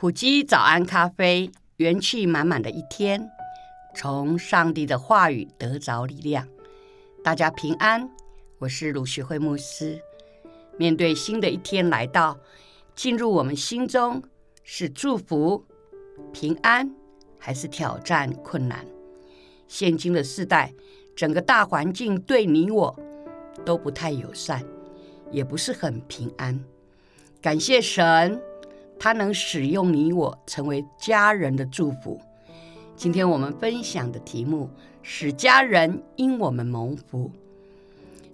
埔基早安咖啡，元氣滿滿的一天，從上帝的話語得着力量。大家平安，我是魯學蕙牧師。面對新的一天來到，進入我們心中是祝福平安，還是挑戰困難？現今的世代，整個大環境對你我都不太友善，也不是很平安。感謝神。他能使用你我成為家人的祝福。今天我們分享的題目是“使家人因我們蒙福”。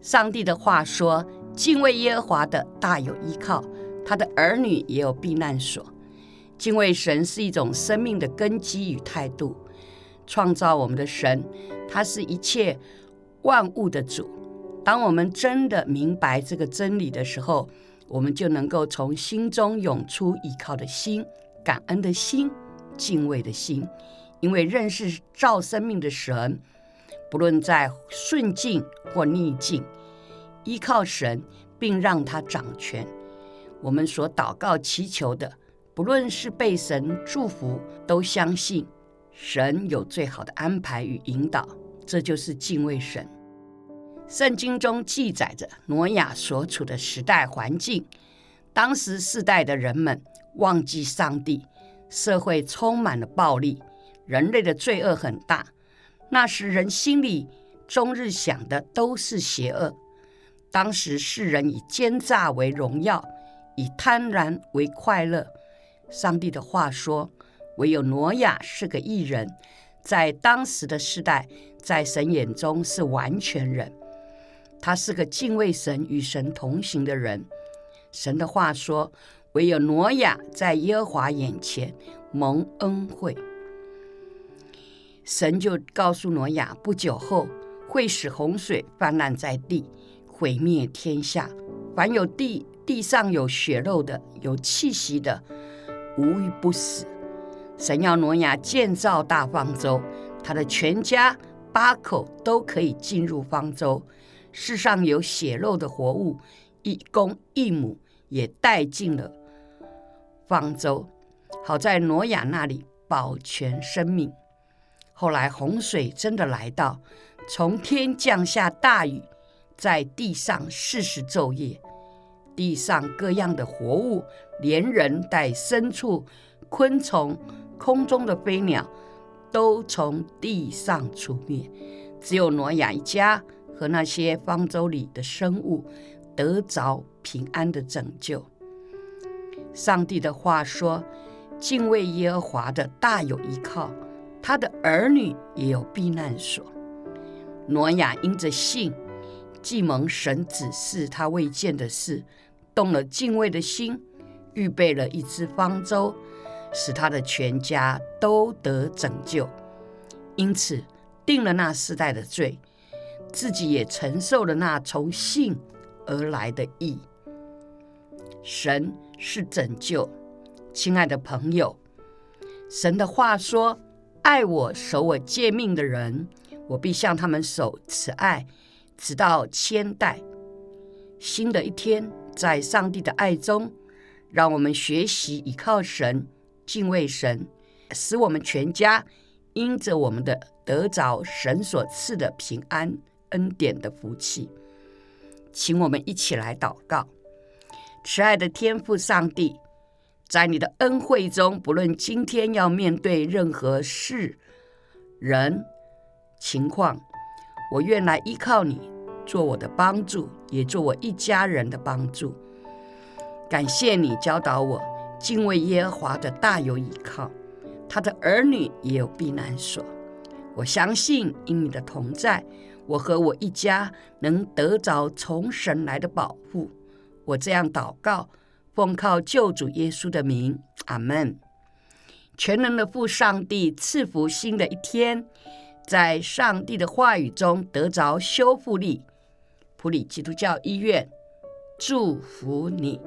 上帝的話說：“敬畏耶和華的大有依靠，他的兒女也有避難所。”敬畏神是一種生命的根基與態度。創造我們的神，他是一切萬物的主。當我們真的明白這個真理的時候，我們就能夠從心中湧出依靠的心、感恩的心、敬畏的心，因為認識造生命的神，不論在順境或逆境，依靠神並讓他掌權。我們所禱告祈求的，不論是被神祝福，都相信神有最好的安排與引導。這就是敬畏神。聖經中記載着挪亞所處的時代環境，當時世代的人們忘記上帝，社會充滿了暴力，人類的罪惡很大。那時人心裡終日想的都是邪惡，當時世人以奸詐為榮耀，以貪婪為快樂。上帝的話說：“唯有挪亞是個義人，在當時的世代，在神眼中是完全人。”他是個敬畏神、與神同行的人。神的話說：“唯有挪亞在耶和華眼前蒙恩惠。”神就告訴挪亞，不久後會使洪水泛濫在地，毀滅天下。凡有地地上有血肉的、有氣息的，無一不死。神要挪亞建造大方舟，他的全家八口都可以進入方舟。世上有血肉的活物，一公一母也帶進了方舟，好在挪亞那裡保全生命。後來洪水真的來到，從天降下大雨，在地上四十晝夜。地上各樣的活物，連人帶牲畜、昆蟲、空中的飛鳥，都從地上除滅，只有挪亞一家和那些方舟裡的生物得着平安的拯救。上帝的話說：“敬畏耶和華的，大有倚靠，他的兒女也有避難所。”挪亞因着信，既蒙神指示他未見的事，動了敬畏的心，預備了一隻方舟，使他的全家都得拯救。因此，定了那世代的罪。自己也承受了那從信而來的義。神是拯救，親愛的朋友，神的話說：“愛我、守我誡命的人，我必向他們守慈愛，直到千代。”新的一天，在上帝的愛中，讓我們學習依靠神、敬畏神，使我們全家因着我們的得着神所賜的平安。恩典的福氣，請我們一起來禱告。慈愛的天父上帝，在你的恩惠中，不論今天要面對任何事、人、情況，我願來依靠你，做我的幫助，也做我一家人的幫助。感謝你教導我，敬畏耶和華的大有倚靠，他的兒女也有避難所。我相信因你的同在。我和我一家能得着從神來的保護，我這樣禱告，奉靠救主耶穌的名，阿門。全能的父上帝賜福新的一天，在上帝的話語中得着修復力。埔里基督教醫院祝福你。